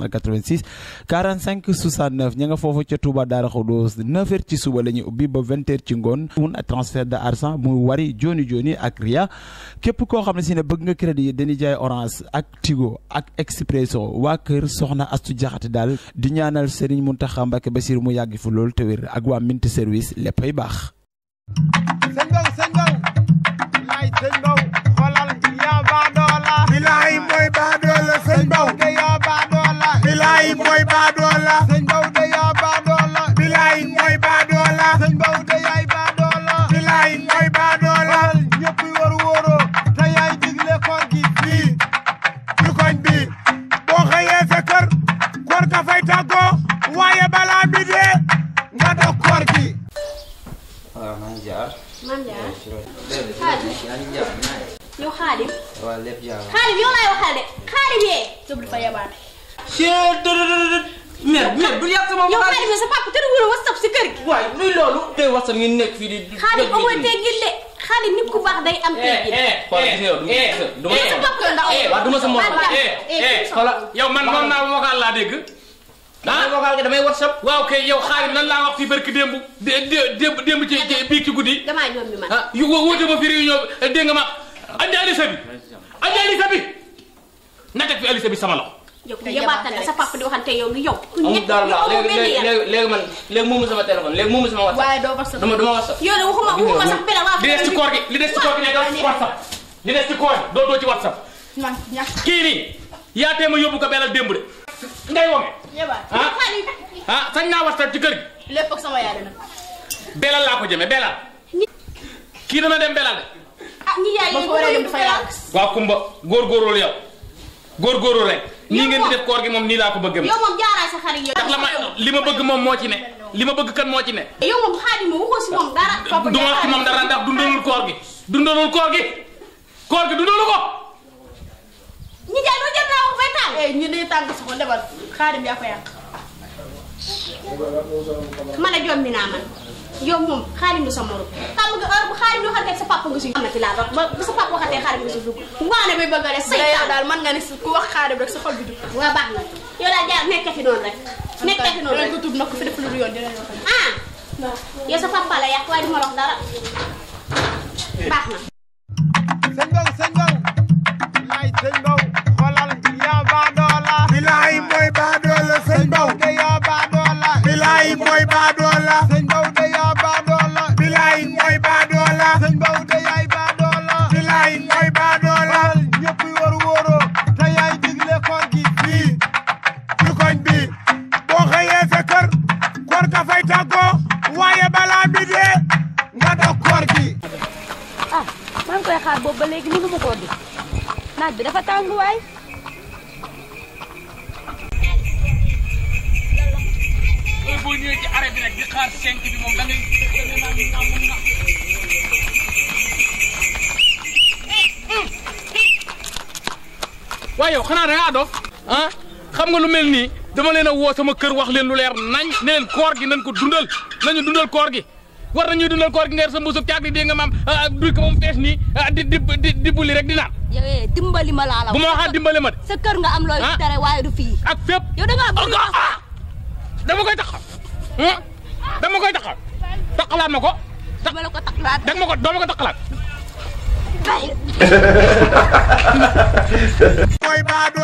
386 45 69 ña nga foofu ca Touba Daara Khoudous 9h ci suba la ñuy ubbi ba 20h ci ngoon. mun transfert de argent muy wari joni joni ak Ria képp koo xam ne si ne bëgg nga crédit dañuy jaay Orange ak Tigo ak Expresso waa kër Soxna Astu Jaxate daal di ñaanal Serigne Mountakha Mbacké Bassirou mu yàgg fi lool te wér ak waa Mint service léppay baax. sëñ Ndao sëñ nga fay tàggoo waaye balaa bi dee nga doog koor gi. waaw man jaar. man eh, jaar. yow Xaadim. waaw lépp jaar. Xaadim yow laay waxal de Xaadim yee. Jóob dafa yabaate. mère mère du yàq sama. yow Xaadim sa papa te duggul whatsapp si kër gi. waay luy loolu. tey whatsapp ngeen nekk fii di. Xaadim amoo teggin de. Xaadim nit ku baax day am teggin. Eh, eh, xoolal gis nga yow du ma sa morom. du ma sa morom. yow man moom naa ma ko laa dégg. ah vocal damay whatsapp. waaw kay yow xaalis lan laa wax fi barki démb. démb démb ci ci biig ci guddi. damaa ñoom ñu man ah yu wóote ma fi réunion eh, dégg nga ma. andi alisa bi andi alisa bi na teg fi alisa bi sama loxo. yow yebaatal na sa papa di waxante yow yow. amul dara la léegi léegi man léegi moomu sama téléphone léegi moomu sama whatsapp. waaye doo whatsapp dama dama whatsapp. yow de waxuma waxuma sax benn waa. li des ci koor gi li des ci koor gi ne doo ci whatsapp. li des ci koor doo doo ci whatsapp. kii nii yaa tee ma yóbbu ko benn démb de ngay wome. ah ah sañ naa waxtaan ci kër belal laa ko jëmee belal. kii na dem belal de. ah ñi yaay yooyu góor yi du belal. waaw rek. nii ngeen def koor gi moom nii laa ko bëgg moom jaaraay la ma li ma bëgg moom moo ci ne. li ma bëgg kan moo ci ne. yow moom xaadim moom waxoo si moom du ma si moom dara ndax dundalul koor gi. dundalul koor gi koor gi dundalul ko. eh ñu ne tànk soxla lebal xaadim yaa ko yàq. man ak jombi naa man yow moom xaadim du sa morom tàmm nga heure nga si sa papa waxatee xaadim nga si dugg waane bay a def baax na yow daal jaar nekkati noonu rek nekkati noonu rek ko tuub nag ko def lu yoon ah yow sa papa la yàq waaye du ma dara boobu ba léegi mënu ma koo di naaj bi dafa tàng waay. loolu boo ñëwee ci arrêt bi nag di xaar cinq moom da ngay waaye xanaa da nga adof ah xam nga lu mel nii dama leen a woo sama kër wax leen lu leer nañ ne koor gi nañ ko dundal nañu dundal koor gi. war nañuy dundal koor gi ngeer sa mbuusub caakri dégg nga maam duy ah, ko moom fees nii ah, di di di di rek di naan yow eh, dimbali ma laa la bu ma waxaat dimbali ma de sa kër nga am looy ah. tere waaye du fii ak fépp yow da ngaa bëgg dama koy taxaw hmm? dama koy taxaw taxalaat ma ko dama la ko taxalaat danga ma ko doo ma ko taxalaat